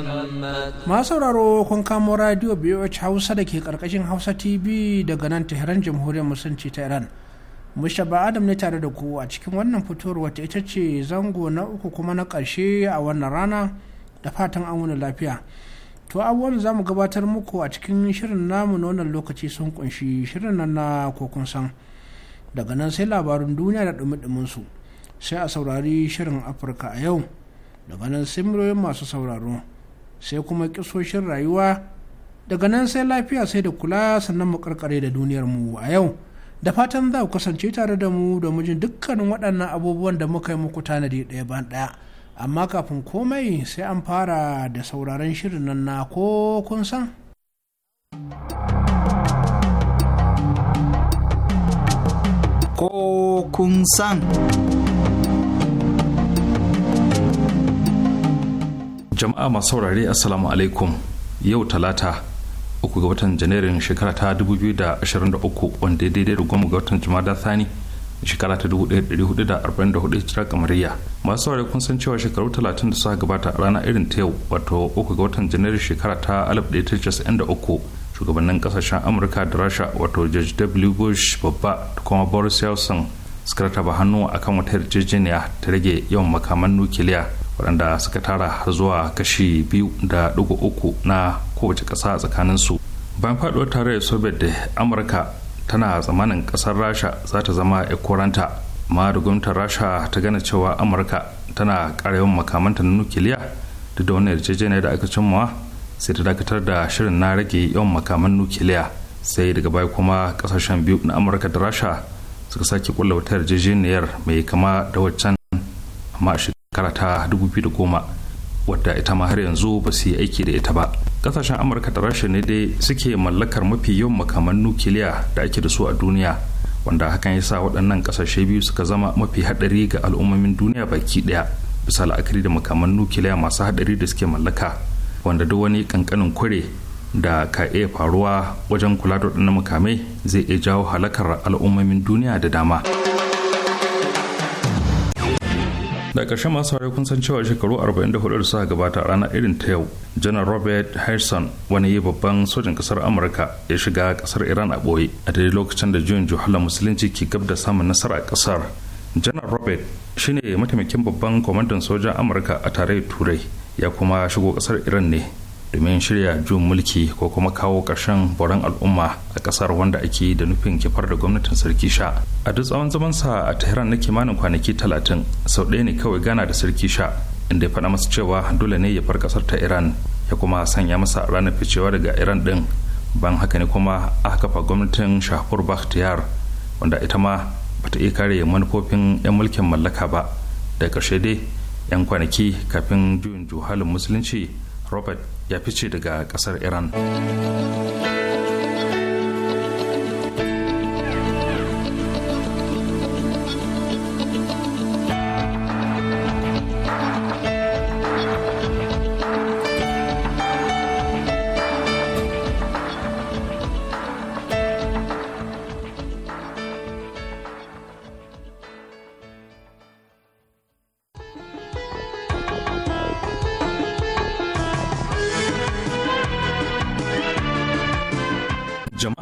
Muhammad. Ma sauraro kun kamo radio BOH Hausa da ke karkashin Hausa TV daga nan Tehran Jamhuriyar Musulunci ta Iran. ba Adam ne tare da ku a cikin wannan fitowar wata ita ce zango na uku kuma na ƙarshe a wannan rana da fatan an wani lafiya. To abubuwan za mu gabatar muku a cikin shirin namu na wannan lokaci sun kunshi shirin nan na kokun san. Daga nan sai labarin duniya da dumi su sai a saurari shirin Afirka a yau. daga nan sai masu sauraro sai kuma kisoshin rayuwa daga nan sai lafiya sai da kula sannan mu karkare da duniyar mu a yau da fatan za ku kasance tare da mu da mujin dukkanin waɗannan abubuwan da muka yi muku tanadi ɗaya ban ɗaya amma kafin komai sai an fara da sauraron shirin nan na ko kun san ko kun san jama'a masu saurare assalamu alaikum yau talata uku ga watan janairun shekara ta 2023 wanda ya daidai da goma ga watan jumada thani shekara ta 1444 hijira kamariya masu saurare kun san cewa shekaru 30 da suka gabata a rana irin ta yau wato uku ga watan janairun shekara ta 1993 shugabannin kasashen amurka da rasha wato george w bush babba da kuma boris yeltsin suka rataba hannu akan wata yarjejeniya ta rage yawan makaman nukiliya waɗanda suka tara har zuwa kashi biyu da ɗigo uku na kowace ƙasa tsakaninsu bayan faɗuwar tarayyar soviet da amurka tana tsamanin ƙasar rasha za ta zama ekoranta amma da gwamnatin rasha ta gane cewa amurka tana ƙara yawan makamanta na nukiliya duk da wani yarjejeniya da aka cimmawa sai ta dakatar da shirin na rage yawan makaman nukiliya sai daga baya kuma ƙasashen biyu na amurka da rasha suka sake kulla wata yarjejeniyar mai kama da waccan amma shekara ta 2010 wadda ita ma har yanzu ba su yi aiki da ita ba kasashen amurka da rasha ne dai suke mallakar mafi yawan makaman nukiliya da ake da su a duniya wanda hakan ya sa waɗannan kasashe biyu suka zama mafi haɗari ga al'ummomin duniya baki ɗaya bisa la'akari da makaman nukiliya masu haɗari da suke mallaka wanda duk wani ƙanƙanin kure da ka iya faruwa wajen kula da waɗannan makamai zai iya jawo halakar al'ummomin duniya da dama. da ƙarshe masu harai kun san cewa shekaru 44 da suka gabata a ranar irin ta yau janar robert harrison wani babban sojin ƙasar amurka ya shiga ƙasar iran a ɓoye a daidai lokacin da juyin juhala musulunci ke gab da samun nasara a ƙasar janar robert shine mataimakin babban kwamandan sojan amurka a tarayyar turai ya kuma shigo ƙasar iran ne domin shirya jun mulki ko kuma kawo ƙarshen boran al'umma a ƙasar wanda ake da nufin kifar da gwamnatin sarki sha a duk tsawon zamansa a tehran na kimanin kwanaki talatin sau ɗaya ne kawai gana da sarki sha inda ya faɗa masa cewa dole ne ya bar ƙasar ta iran ya kuma sanya masa ranar ficewa daga iran ɗin ban haka ne kuma a kafa gwamnatin shahpur bakhtiyar wanda ita ma bata iya kare manufofin 'yan mulkin mallaka ba daga ƙarshe dai 'yan kwanaki kafin juyin juhalin musulunci robert ya fice daga kasar iran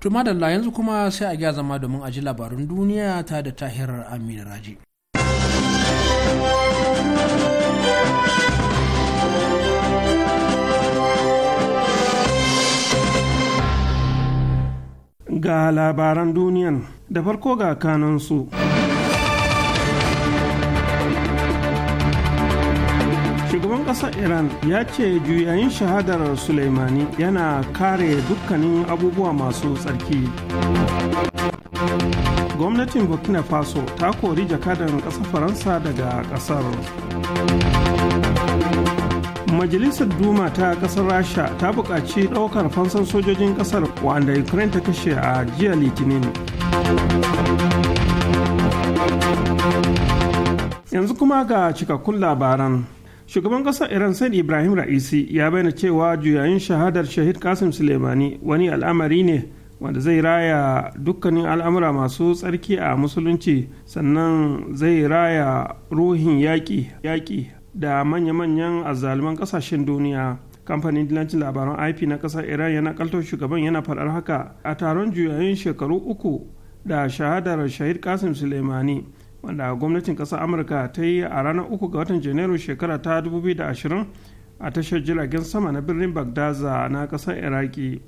To madalla yanzu kuma sai a gya zama domin a ji labarun duniya ta da tahir amina Raji. Ga labaran duniyan da farko ga kanansu. su. ƙasar iran ya ce juyayin shahadar suleimani yana kare dukkanin abubuwa masu tsarki gwamnatin burkina faso ta kori jakadan ƙasar faransa daga ƙasar majalisar duma ta ƙasar rasha ta buƙaci ɗaukar fansan sojojin ƙasar wanda ukraine ta kashe a jiya litinin yanzu kuma ga cikakkun labaran shugaban ƙasar iran san ibrahim ra'isi ya bayyana cewa juyayin shahadar shahid kasim sulemani wani al'amari ne wanda zai raya dukkanin al'amura masu tsarki a musulunci sannan zai raya ruhin yaƙi da manya-manyan azzaluman kasashen duniya kamfanin dilancin labaran ip na ƙasar iran yana kaltar shugaban yana faɗar haka a taron juyayin shekaru uku da shahadar shahid kasim sulemani. wanda gwamnatin ƙasar amurka ta yi a ranar uku ga watan janairu shekara ta 2020 a tashar jiragen sama na birnin bagdaza na ƙasar iraki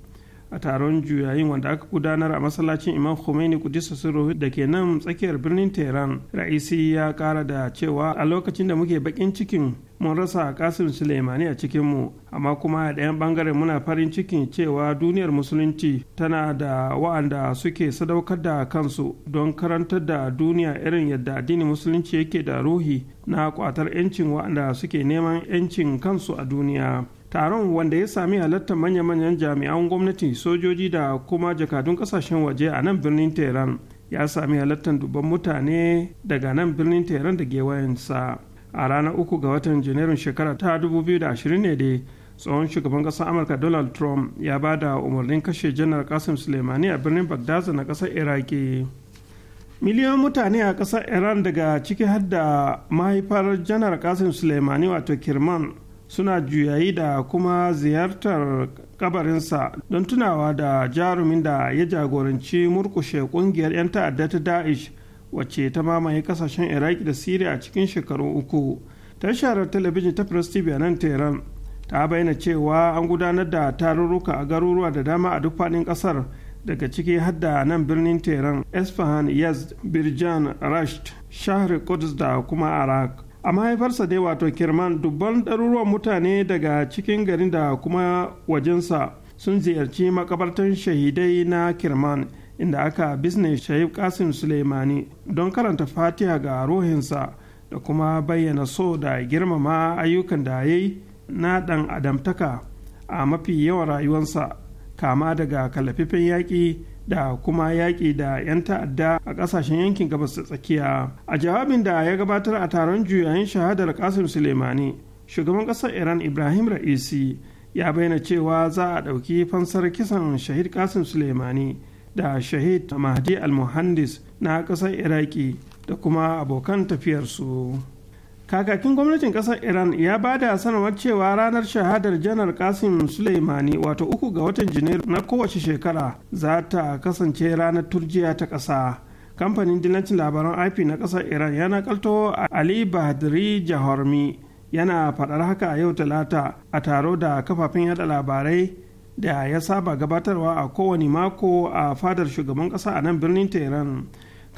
a taron juyayin wanda aka gudanar a masallacin imam khomeini kudisa sirruhu da ke nan tsakiyar birnin tehran ra'isi ya kara da cewa a lokacin da muke bakin cikin mun rasa kasim suleimani a cikinmu amma kuma a ɗayan bangaren muna farin cikin cewa duniyar musulunci tana da wa'anda suke sadaukar da kansu don karantar da duniya irin yadda addinin musulunci yake da ruhi na kwatar 'yancin wa'anda suke neman 'yancin kansu a duniya taron wanda ya sami halartar manya-manyan jami'an gwamnati sojoji da kuma jakadun kasashen waje a nan birnin tehran ya sami halartar dubban mutane daga nan birnin tehran da gewayensa a ranar uku ga watan janairun shekara ta 2020 ne dai tsohon shugaban kasar amurka donald trump ya ba da umarnin kashe janar kasim suleimani a birnin bagdaza na kasar iraki miliyan mutane a kasar iran daga ciki har da mahaifar janar kasim suleimani wato kirman suna juyayi da kuma ziyartar kabarinsa don tunawa da jarumin da ya jagoranci murkushe kungiyar 'yan ta'adda ta da'ish wacce ta mamaye kasashen iraki da siriya a cikin shekaru uku tashar talabijin ta press tv nan tehran ta bayyana cewa an gudanar da tarurruka a garuruwa da dama a duk faɗin ƙasar daga ciki hadda nan birnin tehran esfahan yazd birjan rasht shahar kudus da kuma arak a mahaifarsa dai wato kirman dubban ɗaruruwan mutane daga cikin garin da kuma wajensa sun ziyarci makabartan shahidai na kirman inda aka bisne shahib kasim suleimani don karanta fatiha ga ruhinsa da kuma bayyana so da girmama ayyukan da ya yi na ɗan adamtaka a mafi yawan rayuwarsa kama daga kalafifen yaƙi da kuma yaƙi da 'yan ta'adda a ƙasashen yankin gabas da tsakiya a jawabin da ya gabatar a taron juyayin shahadar kasim suleimani shugaban ƙasar iran ibrahim ra'isi ya bayyana cewa za a ɗauki fansar kisan shahid kasim suleimani da shahid mahdi al-muhandis na ƙasar iraki da kuma abokan tafiyarsu. kakakin gwamnatin kasar iran ya ba da sanarwar cewa ranar shahadar janar kasim suleimani wato uku ga watan janairu na kowace shekara za ta kasance ranar turjiya ta ƙasa kamfanin dillancin labaran ip na ƙasar iran yana kalto ali Badri jahormi yana faɗar haka a yau talata a taro da kafafen yada labarai da ya saba gabatarwa a kowane mako a fadar shugaban ƙasa a nan birnin tehran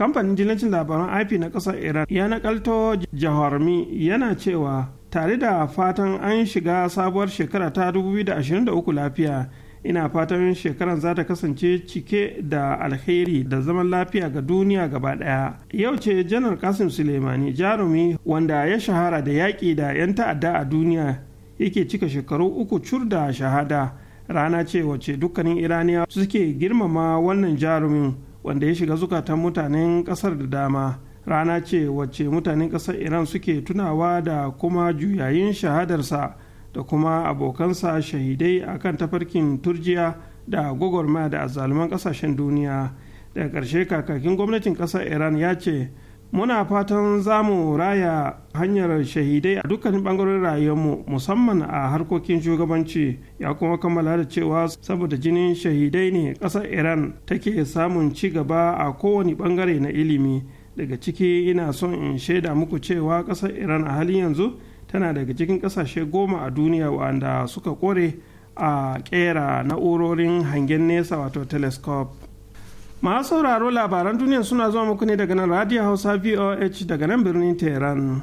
kamfanin dillacin labaran ip na kasar iran ya nakalto jaharmi yana cewa tare da fatan an shiga sabuwar shekara ta 2023 lafiya ina fatan shekaran za ta kasance cike da alheri da zaman lafiya ga duniya gaba daya. yau ce janar kasim sulemani jarumi wanda ya shahara da yaƙi da 'yan ta'adda a duniya yake cika shekaru uku cur da shahada rana ce wacce dukkanin iraniya suke girmama wannan jarumin wanda ya shiga zukatan mutanen kasar da dama rana ce wacce mutanen kasar iran suke tunawa da kuma juyayin shahadarsa da kuma abokansa shahidai a kan tafarkin turjiya da gwagwarmaya da azzaluman kasashen duniya daga ƙarshe kakakin gwamnatin ƙasar iran ya ce muna fatan za mu raya hanyar shahidai a dukkanin bangarorin mu musamman a harkokin shugabanci ya kuma kammala da cewa saboda jinin shahidai ne ƙasar iran take samun ci gaba a kowane bangare na ilimi daga ciki ina son in shaida muku cewa ƙasar iran a halin yanzu tana daga cikin ƙasashe goma a duniya wanda suka kore a ƙera na'urorin hangen nesa wato telescope masu sauraro labaran duniya suna zuwa muku ne daga nan radio hausa voh daga nan birnin tehran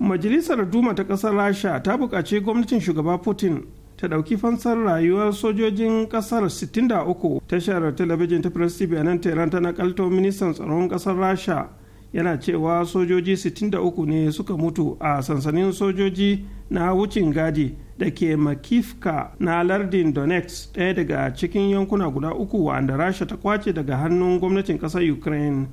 majalisar duma ta kasar rasha ta buƙaci gwamnatin shugaba putin ta ɗauki fansar rayuwar sojojin ƙasar 63 tashar talabijin ta press tv a nan tehran ta nakalto ministan tsaron ƙasar rasha yana cewa sojoji 63 ne suka mutu a sansanin sojoji na wucin gadi da ke makifka na lardin donetsk ɗaya daga cikin yankuna guda uku wanda rasha ta kwace daga hannun gwamnatin ƙasar ukraine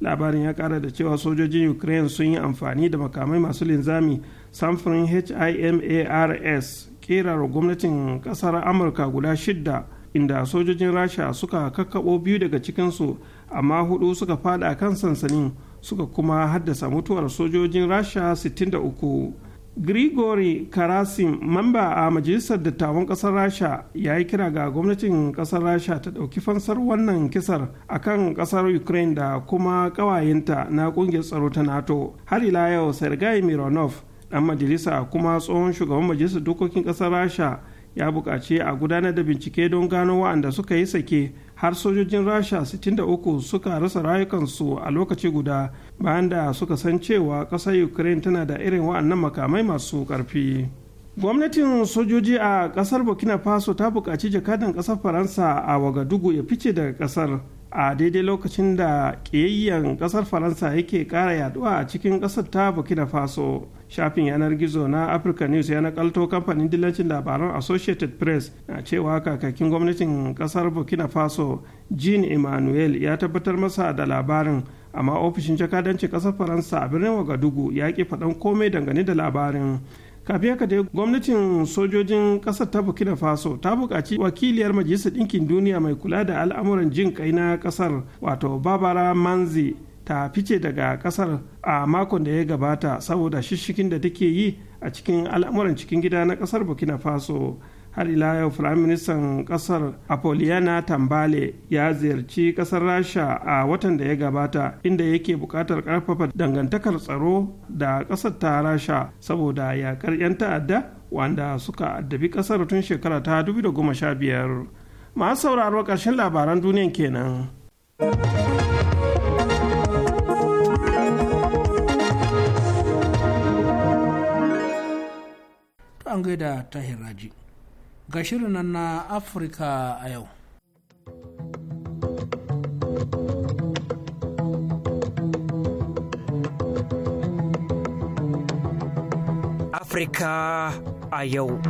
labarin ya kara da cewa sojojin ukraine sun yi amfani da makamai masu linzami samfurin himars kirar gwamnatin kasar amurka guda shidda inda sojojin rasha suka kakkaɓo biyu daga cikinsu amma hudu suka fada kan sansanin suka kuma haddasa mutuwar sojojin rasha 63 grigori karasim mamba a majalisar dattawan kasar rasha ya yi kira ga gwamnatin kasar rasha ta dauki fansar wannan kisar a kan kasar ukraine da kuma ƙawayenta na kungiyar tsaro ta nato har ila yau sergei mironov ɗan majalisa kuma tsohon shugaban majalisar dokokin kasar rasha ya buƙaci a gudanar da bincike don gano waɗanda suka yi sake har sojojin rasha 63 suka rasa rayukansu a lokaci guda bayan da suka san cewa ƙasar ukraine tana da irin wa'annan makamai masu ƙarfi gwamnatin sojoji a ƙasar burkina faso ta buƙaci jakadan ƙasar faransa a wagadugu ya fice daga ƙasar a daidai lokacin da ƙiyayyen ƙasar faransa yake ƙara yaduwa a cikin ƙasar ta bukina faso shafin yanar gizo na africa news ya nakalto kamfanin dillacin labaran associated press na cewa kakakin gwamnatin ƙasar burkina faso jean emmanuel ya tabbatar masa da labarin amma ofishin jakadancin ƙasar faransa a birnin wagadugu ya ƙi faɗan komai dangane da labarin kafin haka dai gwamnatin sojojin kasar ta bukina faso ta buƙaci wakiliyar majalisar ɗinkin duniya mai kula da al'amuran jin kai na ƙasar wato babara manzi ta fice daga ƙasar a makon da ya gabata saboda shishikin da take yi a cikin al'amuran cikin gida na ƙasar bukina faso har ila yau firaministan kasar apoliana tambale ya ziyarci kasar rasha a watan da ya gabata inda yake buƙatar ƙarfafa dangantakar tsaro da ƙasar ta rasha saboda yakar 'yan ta'adda wanda suka addabi ƙasar tun shekara ta 2015 masu sauraro ƙarshen labaran duniyan kenan. an gaida tahir raji ga shirin nan na Afirka a yau. Afirka a yau.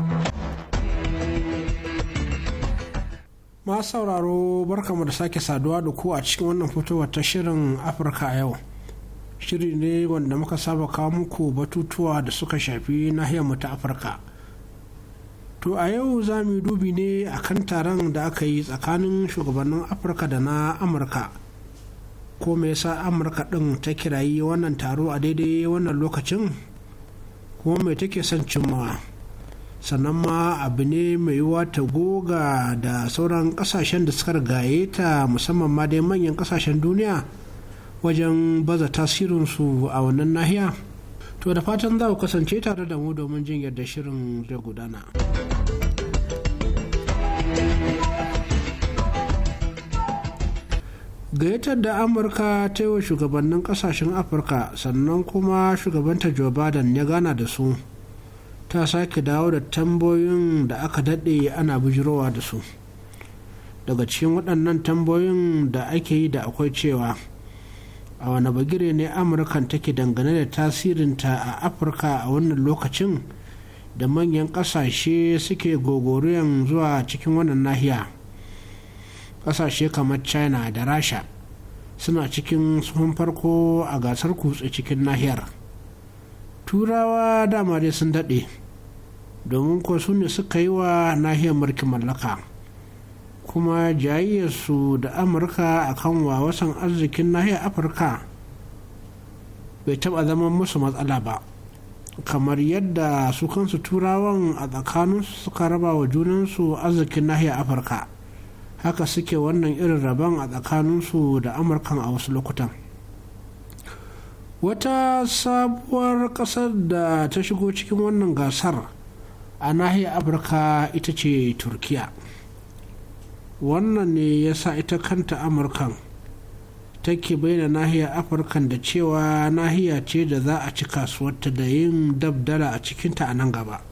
Masu sauraro barkamu da sake saduwa da ku a cikin wannan fitowar ta shirin Afirka a yau. Shiri ne wanda muka saba kawo muku batutuwa da suka shafi nahiyar mu ta Afirka. To a yau za mu dubi ne akan taron da aka yi tsakanin shugabannin Afirka da na Amurka. Ko me yasa Amurka ɗin ta kirayi wannan taro a daidai wannan lokacin? ko mai take son cimma? Sannan ma abu ne mai yiwuwa ta goga da sauran ƙasashen da suka gaye ta musamman ma dai manyan ƙasashen duniya wajen baza tasirinsu a wannan nahiya. To da fatan za ku kasance tare da mu domin jin yadda shirin zai gudana. gayyatar da amurka ta yi wa shugabannin kasashen afirka sannan kuma shugabanta joe biden ya gana da su ta sake dawo da tambayoyin da aka daɗe ana bujirowa da su daga cikin waɗannan tambayoyin da ake yi da akwai cewa a wani bagire ne amurkan take dangane da tasirinta a afirka a wannan lokacin da manyan kasashe suke gogoriyan zuwa cikin wannan nahiya kasashe kamar china da rasha suna cikin sun farko a gasar kutse cikin nahiyar turawa dama dai sun daɗe domin ko su ne suka yi wa nahiyar mulkin mallaka kuma jayayyarsu da amurka a kan wawasan arzikin nahiyar afirka bai taɓa zama musu matsala ba kamar yadda su kansu turawan a tsakaninsu suka raba wa junansu arzikin nahiyar afirka haka suke wannan irin rabon a tsakaninsu da Amurka a wasu lokutan wata sabuwar ƙasar da ta shigo cikin wannan gasar a nahiyar afirka ita ce turkiya wannan ne ya sa ita kanta amurkan take bayyana nahiyar afirkan da cewa nahiya ce da za a ci kasuwarta da yin dabdala a cikinta a nan gaba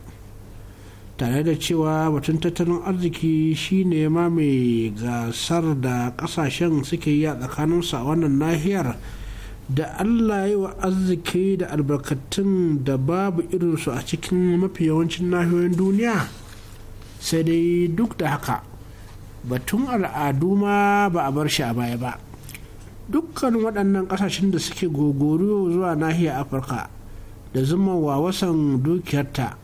tare da cewa batun tattalin arziki shine ma mai gasar da kasashen suke yi a tsakaninsu a wannan nahiyar da allah yi wa arziki da albarkatun da babu irinsu a cikin mafi yawancin nahiyoyin duniya sai dai duk da haka batun al'adu ma ba a bar shi a baya ba dukkan waɗannan ƙasashen da suke gogoriyo zuwa nahiyar afirka da wa wasan dukiyarta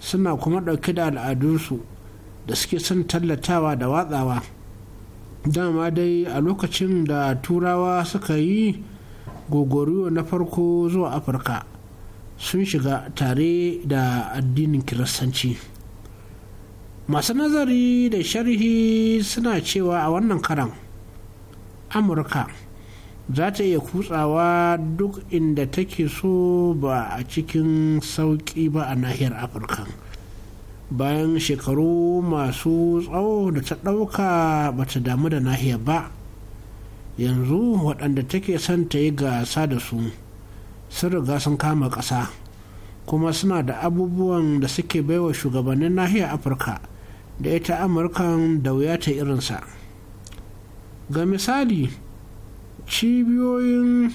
suna kuma ɗauke da al'adunsu da suke son tallatawa da watsawa dama dai a lokacin da turawa suka yi gogoriyo na farko zuwa afirka sun shiga tare da addinin kiristanci. masu nazari da sharhi suna cewa a wannan karan amurka za ta iya kutsawa duk inda take so ba a cikin sauƙi ba a nahiyar afirka bayan shekaru masu tsawo da ta ɗauka ba ta damu da nahiyar ba yanzu waɗanda take son ta yi gasa da su sun riga sun kama ƙasa kuma suna da abubuwan da suke baiwa shugabannin nahiyar afirka da ita amurkan da wuya ta irinsa ga misali cibiyoyin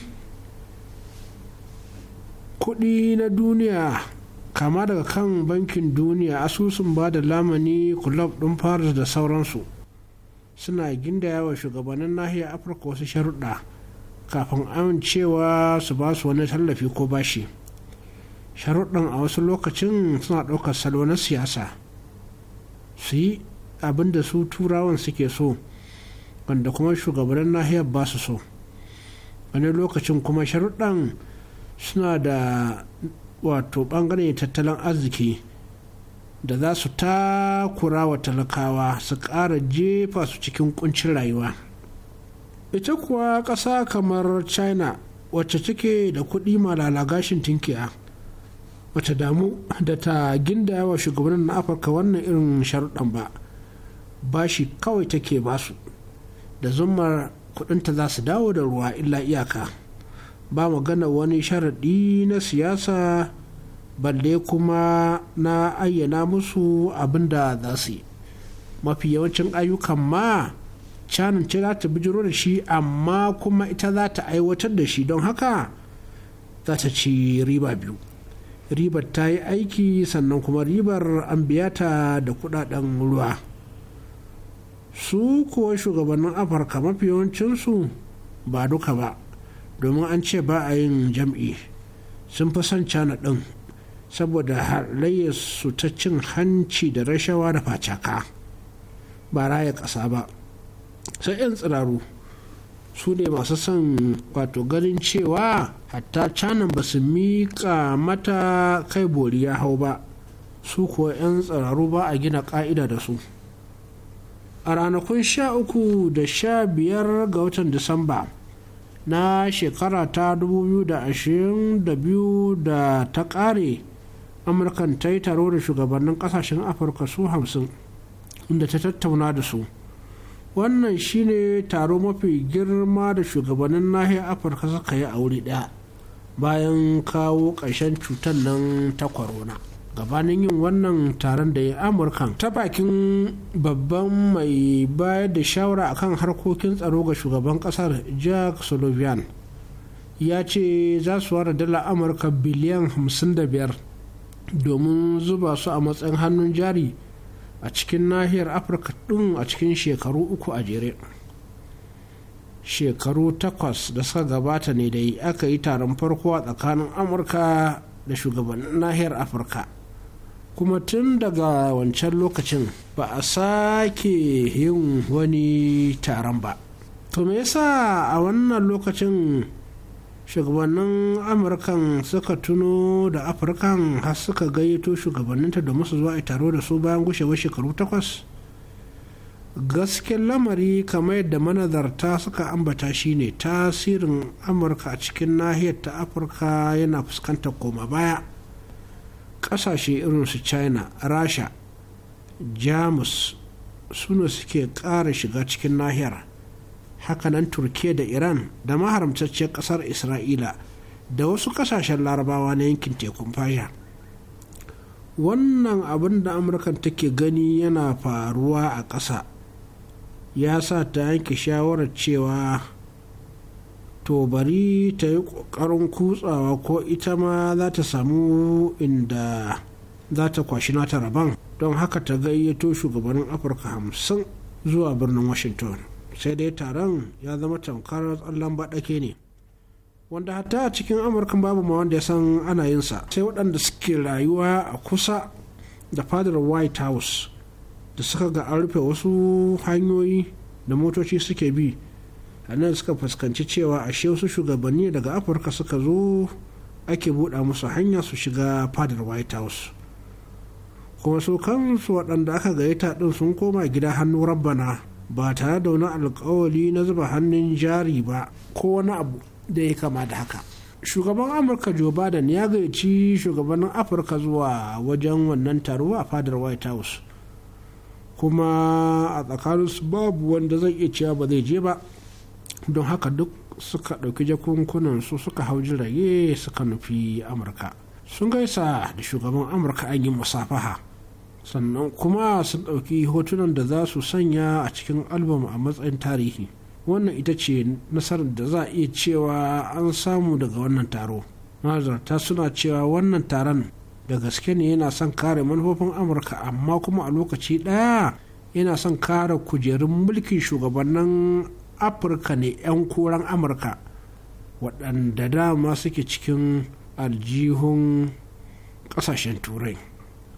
kudi na duniya kama daga kan bankin duniya asusun ba da lamani Club ɗin paris da sauransu suna gindaya wa shugabannin nahiyar afirka wasu sharuɗa kafin amincewa su ba su wani tallafi ko bashi sharuɗan a wasu lokacin suna ɗaukar salo na siyasa su yi abin da su turawan suke so wanda kuma shugabannin nahiyar ba su so wani lokacin kuma sharuɗan suna da wato ɓangaren tattalin arziki da za su takura wa talakawa su ƙara jefa su cikin ƙuncin rayuwa ita kuwa ƙasa kamar china wacce take da kuɗi malala gashin tinkiya bata damu da ta ginda wa shugabannin na afirka wannan irin sharuɗan ba ba shi kawai take su da zumar kudinta za su dawo da ruwa illa iyaka ba magana wani sharaɗi na siyasa balle kuma na ayyana musu abin da za su yi mafi yawancin ayyukan ma canin ce za ta bijiro da shi amma kuma ita za ta aiwatar da shi don haka za ta ci riba biyu ribar ta yi aiki sannan kuma ribar an biya ta da kudaden ruwa su kuwa shugabannin afirka mafi yawancinsu ba duka ba domin an ce ba a yin jam'i sun fi son cana ɗin saboda su ta cin hanci da rashawa da facaka ba raya ƙasa ba sai 'yan tsiraru su ne masu son wato ganin cewa hatta canan ba su miƙa mata kai bori ya hau ba su kuwa 'yan tsararru ba a gina ƙa'ida da su a ranakun sha uku da sha biyar ga watan disamba na shekara ta 2022 da ta ƙare amurkan ta yi taro da shugabannin ƙasashen afirka su hamsin inda ta tattauna da su wannan shine taro mafi girma da shugabannin nahiyar afirka suka yi a wuri daya bayan kawo ƙarshen cutar nan ta corona gabanin yin wannan taron da ya amurka ta bakin babban mai bayar da shawara a kan harkokin tsaro ga shugaban kasar jack sullivan ya ce za su ware dala amurka biliyan 55 domin zuba su a matsayin hannun jari a cikin nahiyar afirka ɗin a cikin shekaru uku a jere shekaru takwas da suka gabata ne dai aka yi taron farko a tsakanin amurka da shugabannin nahiyar afirka kuma tun daga wancan lokacin ba a sake yin wani taron ba to me yasa a wannan lokacin shugabannin amurkan suka tuno da afirkan har suka gayyato shugabanninta da musu zuwa a taro da su bayan gushewar shekaru takwas gasken lamari kamar yadda manazarta suka ambata shine tasirin amurka a cikin nahiyar ta afirka yana fuskantar koma baya kasashe irin su china rasha jamus suna suke kara shiga cikin nahiyar hakanan turkiya da iran da maharamtacciyar kasar isra'ila da wasu kasashen larabawa na yankin tekun fasha wannan abin da amurkan take gani yana faruwa a ƙasa ya sa ta yanke shawarar cewa to bari ta yi ƙoƙarin kutsawa ko ita ma za ta samu inda za ta kwashi nata rabon don haka ta gayyato shugabannin afirka hamsin zuwa birnin washington sai dai taron ya zama tamkar tsallon baɗake ne wanda hatta a cikin amurka babu ma wanda ya san ana yin sa sai waɗanda suke rayuwa a kusa da fadar white house da suka ga an rufe wasu hanyoyi da motoci suke bi a nan suka fuskanci cewa ashe wasu shugabanni daga afirka suka zo ake buɗa musu hanya su shiga fadar white house kuma su kansu waɗanda aka gayyata ɗin sun koma gida hannu rabbana ba tare da wani alkawali na zuba hannun jari ba ko wani abu da ya kama da haka shugaban amurka joe biden ya gayyaci shugabannin afirka zuwa wajen wannan taro a fadar white house kuma a tsakanin su babu wanda zai iya cewa ba zai je ba don haka duk suka ɗauki jakunkunan su suka hau jirage suka nufi amurka sun gaisa da shugaban amurka an yi musafaha sannan kuma su ɗauki hotunan da za su sanya a cikin albam a matsayin tarihi wannan ita ce nasarar da za a iya cewa an samu daga wannan taro mazarta suna cewa wannan taron da gaske ne yana son kare manufofin amurka amma kuma a lokaci ɗaya yana son kare kujerun mulkin shugabannin afirka ne 'yan koren amurka waɗanda dama suke cikin aljihun ƙasashen turai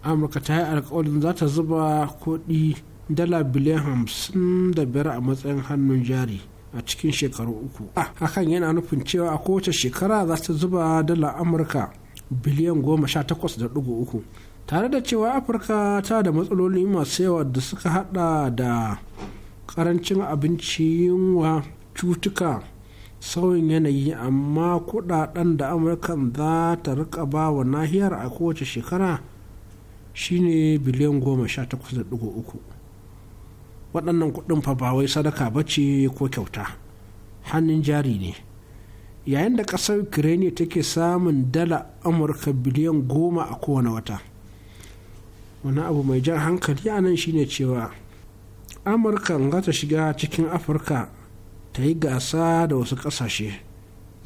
amurka ta yi alkawarin za ta zuba kuɗi dala biliyan hamsin da biyar a matsayin hannun jari a cikin shekaru uku a ah, hakan yana nufin cewa a kowace shekara za ta zuba dala amurka biliyan goma sha takwas da ɗigo uku tare da cewa afirka ta da matsaloli masu yawa da suka hada da karancin abinci yunwa cutuka sauyin yanayi amma kudaden da amurka za ta rika ba wa nahiyar a kowace shekara shine biliyan goma sha takwas da ɗigo uku waɗannan kuɗin fa ba wai sadaka ba ce ko kyauta hannun jari ne yayin da ƙasar ukraine take samun dala amurka biliyan goma a kowane wata wani abu mai jan hankali a nan shine cewa amurka za ta shiga cikin afirka ta yi gasa da wasu ƙasashe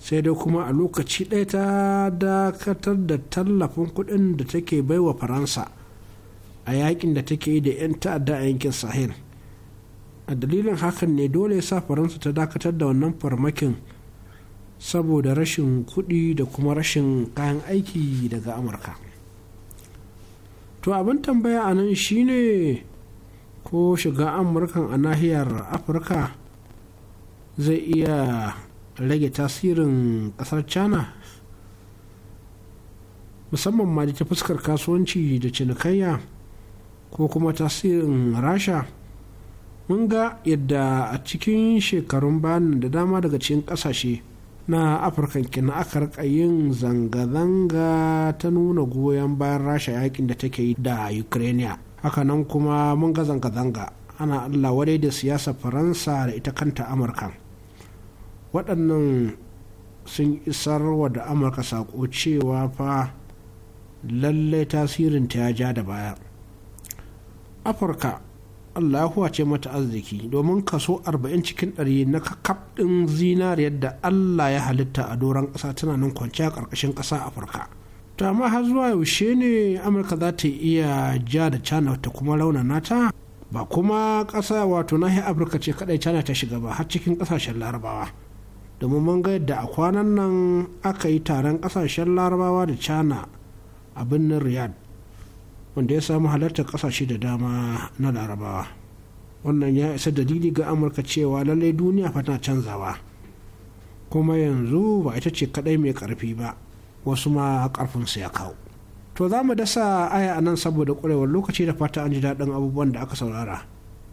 sai dai kuma a lokaci ɗaya ta dakatar da tallafin kuɗin da take baiwa faransa a yakin da take yi da 'yan ta'adda a yankin sahel a dalilin hakan ne dole sa faransa ta dakatar da wannan farmakin saboda rashin kuɗi da kuma rashin kayan aiki daga amurka to abin tambaya a nan shine ko shiga amurkan a nahiyar afirka zai iya rage tasirin ƙasar china musamman ma da ta fuskar kasuwanci da cinikayya ko kuma tasirin rasha mun ga yadda a cikin shekarun bayan da dama daga cikin kasashe na afirka kina aka rika yin zanga-zanga ta nuna goyon bayan rasha yakin da take yi da ukraine hakanan kuma mun ga zanga-zanga ana allah wadai da siyasa faransa da ita kanta amurka waɗannan sun isar wa da amurka sako cewa fa lallai tasirinta ya ja da baya afirka allahu a ce mata arziki domin kaso 40 cikin 100 na kakab ɗin zinariyar da allah ya halitta a doron ƙasa tana nan kwanciya karkashin ƙasa afirka ta ma har zuwa yaushe ne amurka za ta iya ja da china ta kuma raunana ta ba kuma kasa wato nahiyar afirka ce kadai china ta shiga ba har cikin kasashen larabawa domin mun ga yadda a kwanan nan aka yi taron ƙasashen larabawa da china a birnin riyadh wanda ya samu halartar kasashe da dama na larabawa wannan ya isa dalili ga amurka cewa lallai duniya fa tana canzawa kuma yanzu ba ita ce kadai mai karfi ba wasu ma karfinsu ya kawo to za mu dasa aya a nan saboda ƙwarewar lokaci da fata an ji daɗin abubuwan da aka saurara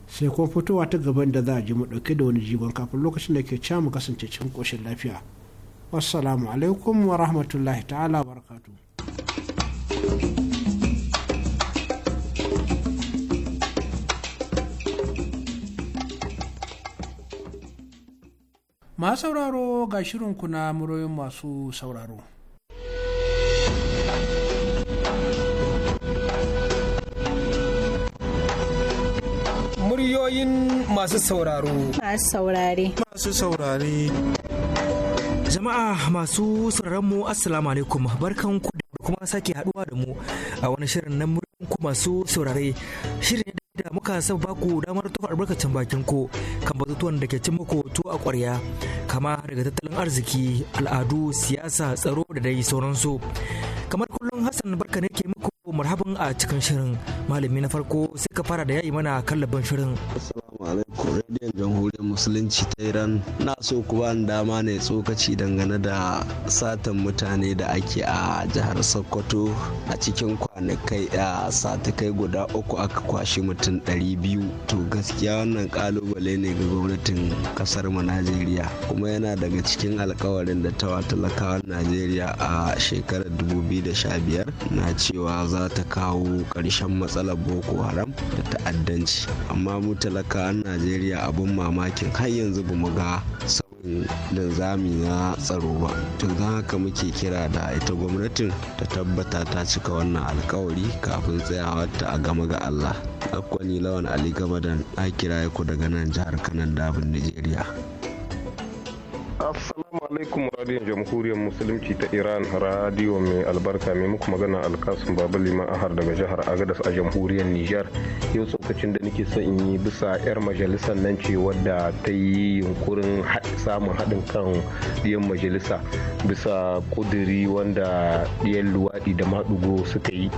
sai kuma fitowa ta gaban da za a ji mu ɗauke da wani jigon kafin lokacin da ke ca mu kasance cikin koshin lafiya wassalamu alaikum wa rahmatullahi ta'ala barakatu masu sauraro ga shirinku na muroyin masu sauraro. Muryoyin masu sauraro. Masu saurare. Masu saurare. Jama'a masu mu Assalamu alaikum barkan ku da kuma sake haduwa da mu a wani shirin na muryoyin masu saurare. Shirin da muka ba baku damar tufa albarkacin bakin ku kan batutuwan da ke cin muku to a kwarya kama daga tattalin arziki al'adu siyasa tsaro da dai sauransu kamar kullum hassan barka ne ke muku marhaban a cikin shirin malami na farko sai ka fara da yayi mana kallabin shirin assalamu alaikum radio jamhuriyar musulunci ta iran na so ku ba dama ne tsokaci dangane da satan mutane da ake a jihar sokoto a cikin kwanakai a satakai guda uku aka kwashe mutane. mutum 200 to gaskiya wannan kalubale ne ga gwamnatin kasar mu najeriya kuma yana daga cikin alkawarin da ta wa najeriya a shekarar 2015 na cewa za ta kawo ƙarshen matsalar boko haram da ta'addanci amma mu talakawan najeriya abin mamakin har yanzu ba mu ga linzami na tsaro ba tun don haka muke kira da ita gwamnatin ta tabbata ta cika wannan alkawari kafin tsayawarta a gama ga allah akwani lawan ali gabadan a kira ku daga nan jihar kanan dabin nigeria Assalamu alaikum radiyon jamhuriyar musulunci ta Iran radiyo mai albarka mai muku magana alkasun babu liman ahar daga jihar Agadas a jamhuriyar Nijar. Yau tsokacin da nake son yi bisa 'yar majalisar nan ce wadda ta yi yunkurin samun haɗin kan ɗiyan majalisa bisa kuduri wanda ɗiyan luwaɗi da maɗugo suka yi.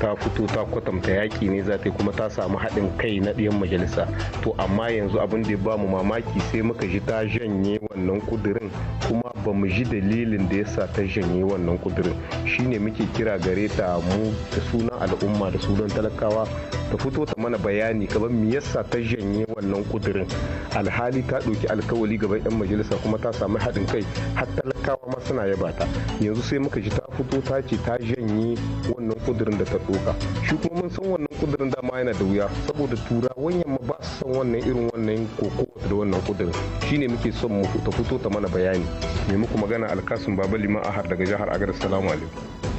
ta fito ta kwatanta yaƙi ne za ta kuma ta samu haɗin kai na ɗiyan majalisa to amma yanzu abin da ya bamu mamaki sai muka ji ta janye wannan kudirin kuma ba mu ji dalilin da yasa ta janye wannan kudirin shine muke kira gare ta mu da sunan al'umma da sunan talakawa ta fito ta mana bayani kamar mu yasa ta janye wannan kudurin alhali ta ɗauki alkawali gaban 'yan majalisa kuma ta samu haɗin kai har talakawa ma suna yaba ta yanzu sai muka ji ta fito ta ce ta janye wannan kudirin da ta ɗauka shi kuma mun san wannan kudirin dama yana da wuya saboda turawan yamma ba su san wannan irin wannan koko da wannan kudirin shine muke son mu ta fito ta mana bayani Ibrahim Mai muku magana Alkasun Baba Liman Ahar daga jihar Agadez. Salamu alaikum.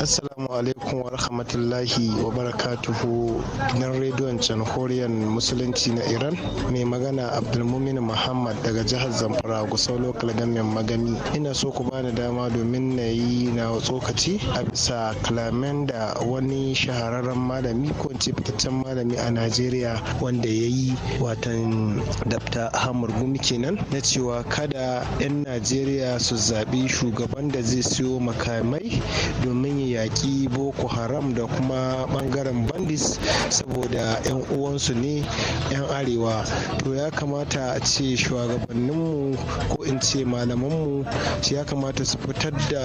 assalamu alaikum wa rahmatullahi wa barakatuhu gidan rediyon janhuriyar musulunci na iran mai magana abdulmumin muhammad daga jihar zamfara gusau lokal gamin magani ina so ku bani dama domin na yi na tsokaci a bisa kalamen da wani shahararren malami ko ce fitaccen malami a najeriya wanda ya yi watan dafta hamur gumi kenan na cewa kada 'yan najeriya su zaɓi shugaban da zai siyo makamai domin ya yaƙi boko haram da kuma ɓangaren bandis saboda 'yan uwansu ne 'yan arewa to ya kamata a ce shugabanninmu ko in ce malamanmu ya kamata su fitar da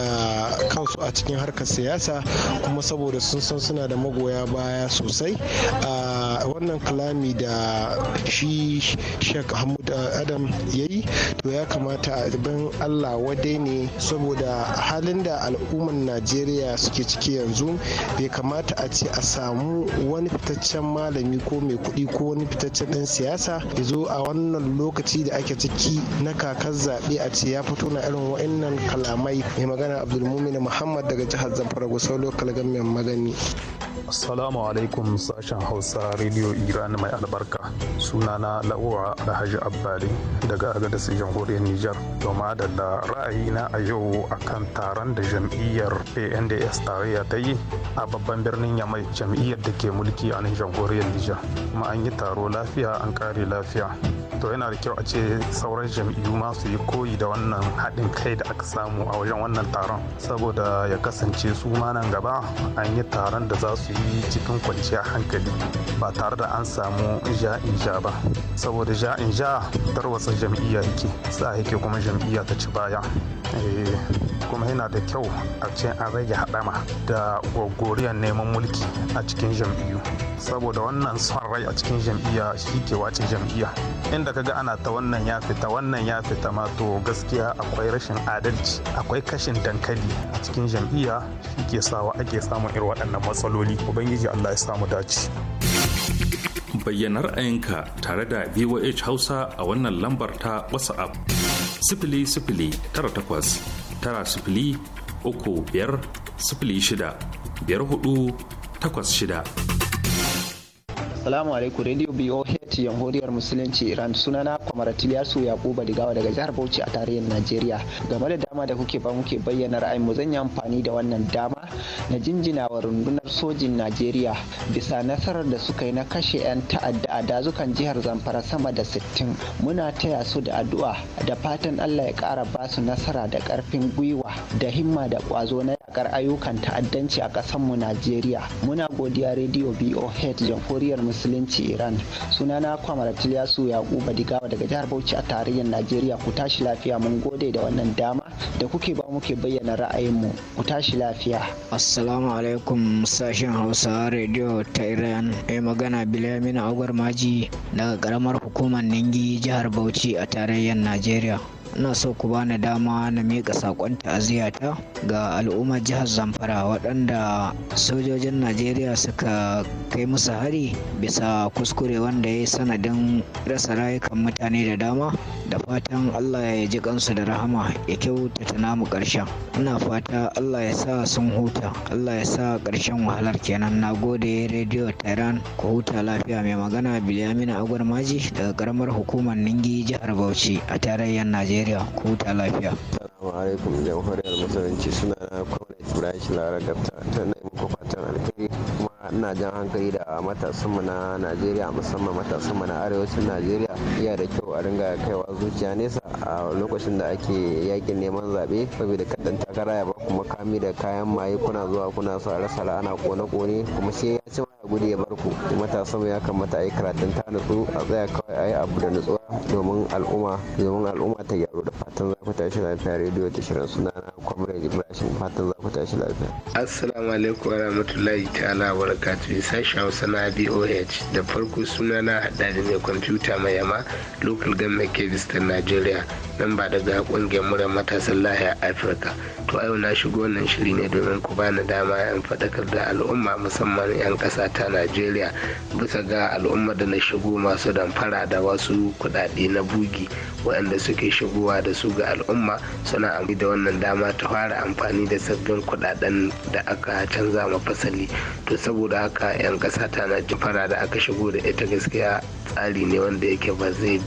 kansu a cikin harkar siyasa kuma saboda sun san suna da magoya baya sosai a wannan kalami da shi shek hamud adam ya yi to ya kamata a allah wadai ne saboda halin da al'ummar najeriya ake ciki yanzu bai kamata a ce a samu wani fitaccen malami ko mai kuɗi ko wani fitaccen ɗan siyasa ya zo a wannan lokaci da ake ciki na kakar zaɓe a ce ya fito na irin wa'annan kalamai mai magana abdulmumin muhammad daga jihar zamfara gusau lokal gamin magani Assalamu alaikum sashen Hausa Radio Iran mai albarka. Sunana La'uwa Alhaji Abbali daga Agadas Jamhuriyar Nijar. Doma da ra'ayina a yau a kan taron da jam'iyyar tare tarayya ta yi a babban birnin Yamai jam'iyyar da ke mulki a Jamhuriyar Nijar. Kuma an yi taro lafiya an kare lafiya. To yana da kyau a ce sauran jam'iyyu ma su yi koyi da wannan haɗin kai da aka samu a wajen wannan taron saboda ya kasance su ma nan gaba an yi taron da za su su yi cikin kwanciyar hankali ba tare da an samu ja-in-ja ba saboda ja-in-ja tarwatsa jam'iyya yake sa yake kuma jam'iyya ta ci baya eh, kuma yana da kyau a ce an rage haɗama da gogoriyar neman mulki a cikin jam'iyyu saboda wannan son rai a cikin jam'iyya shi ke wace jam'iyya inda kaga ana ta wannan ya fita wannan ya fita ma to gaskiya akwai rashin adalci akwai kashin dankali a cikin jam'iyya shi ke sawa ake samun irin waɗannan matsaloli ubangiji allah ya samu dace bayyana ra'ayinka tare da voh hausa a wannan lambar ta whatsapp sifili sifili tara takwas tara sifili uku biyar sifili shida biyar hudu takwas shida Assalamu alaikum Radio BOH Jamhuriyar Musulunci Iran sunana Kwamaratiliyasu Yakuba Digawa daga jihar Bauchi a tarihin Najeriya. Game da dama da kuke ba muke bayyana ra'ayin mu zan yi amfani da wannan dama na jinjina rundunar sojin Najeriya bisa nasarar da suka yi na kashe 'yan ta'adda a dazukan jihar Zamfara sama da sittin Muna taya su da addu'a da fatan Allah ya kara basu nasara da karfin gwiwa da himma da ƙwazo na yakar ayyukan ta'addanci a ƙasanmu Najeriya. Muna godiya Radio BOH Jamhuriyar Musulunci Iran. Sunana Kwamar Tilyasu Yakuba Digawa daga jihar Bauchi a tarayyar Najeriya ku tashi lafiya mun gode da wannan dama da kuke ba muke bayyana ra'ayinmu ku tashi lafiya. Assalamu alaikum sashen Hausa Radio ta Iran. Mai magana Bilamina Agwar Maji daga karamar hukumar Ningi jihar Bauchi a tarayyar Najeriya. ina so ku bani dama na miƙa saƙon ta'aziyata ga al'ummar jihar zamfara waɗanda sojojin najeriya suka kai musu hari bisa kuskure wanda ya yi sanadin rasa rayukan mutane da dama da fatan allah ya ji kansu da rahama ya kyautata namu ƙarshen ina fata allah ya sa sun huta allah ya sa ƙarshen wahalar kenan na gode rediyo tehran ku huta lafiya mai magana biliyamina agwar maji daga ƙaramar hukumar ningi jihar bauchi a tarayyar najeriya Najeriya ku huta lafiya. Assalamu alaikum jamhuriyar musulunci suna na Ibrahim Lara Gafta ta na muku fatan alheri ina jan hankali da matasan mu na najeriya musamman mu na arewacin najeriya iya da kyau a ringa kaiwa zuciya nesa a lokacin da ake yakin neman zaɓe saboda kaɗan takara ya ba baku makami da kayan maye kuna zuwa kuna a rasa ana kone-kone kuma sai ya ci gudu ya bar barku matasan ya kamata a yi karatun ta nutsu a tsaya kawai a yi abu da nutsuwa domin al'umma domin al'umma ta gyaru da fatan za ku tashi lafiya rediyo ta shirin sunana kwamre ibrahim fatan za ku tashi lafiya assalamu alaikum wa rahmatullahi ta'ala barakatu sashen hausa na boh da farko suna na hada da mai kwamfuta mai yama local government kebis ta nigeria nan ba daga kungiyar murar matasan lahiya afirka to yau na shigo wannan shiri ne domin ku bani dama yan fadakar da al'umma musamman yan kasa ta nigeria bisa ga al'umma da na shigo masu damfara da wasu kudade na bugi waɗanda suke shigowa da su ga al'umma suna amfani da wannan dama ta fara amfani da sabbin kudaden da aka canza ma fasali to saboda saboda haka 'yan kasa tana jin fara da aka shigo da ita gaskiya tsari ne wanda yake ba zai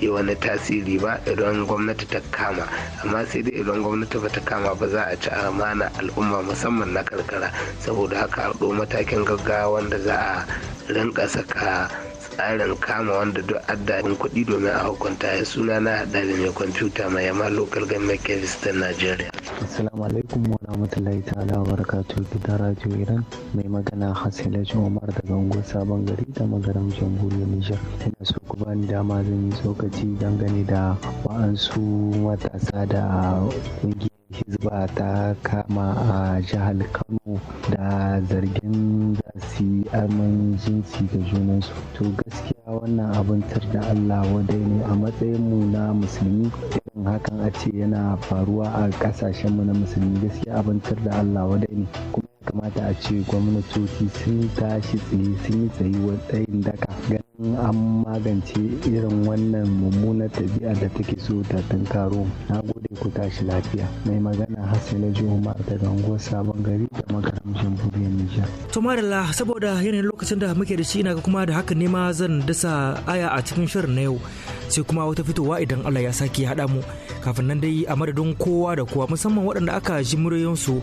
yi wani tasiri ba idan gwamnati ta kama amma sai dai idan gwamnati ba ta kama ba za a ci amana al'umma musamman na karkara saboda haka a matakin gaggawa wanda za a rinka saka tsarin kama wanda duk addadin kuɗi domin a hukunta ya suna na haɗa da mai kwamfuta mai yamma local government kebis ta nigeria assalamu alaikum wa rahmatullahi ta'ala wa barakatu gidan radio iran mai magana hasila umar daga unguwar sabon gari da magaram jamhuriyar nijar ina so ku bani dama zan yi tsokaci dangane da wa'ansu matasa da ƙungiyar hizba ta kama a jihar kano da zargin za su yi aman jinsi da junansu to gaskiya wannan abin tar da allah wadai ne a matsayin mu na musulmi irin hakan a ce yana faruwa a kasashen mu na musulmi gaskiya abin da Allah wadai ne kuma kamata a ce gwamnatoci sun tashi tsaye sun yi wa tsayin daka ganin an magance irin wannan mummunar tabi'a da take so ta tunkaro na gode ku tashi lafiya mai magana hasila jumaa ta gangon sabon gari da makaramcin buɗe nijar. to marilla saboda yanayin lokacin da muke da shi ina kuma da haka ma zan dasa aya a cikin shirin na yau sai kuma wata fitowa idan Allah ya sake haɗa mu kafin nan dai a madadin kowa da kowa musamman waɗanda aka ji muryoyinsu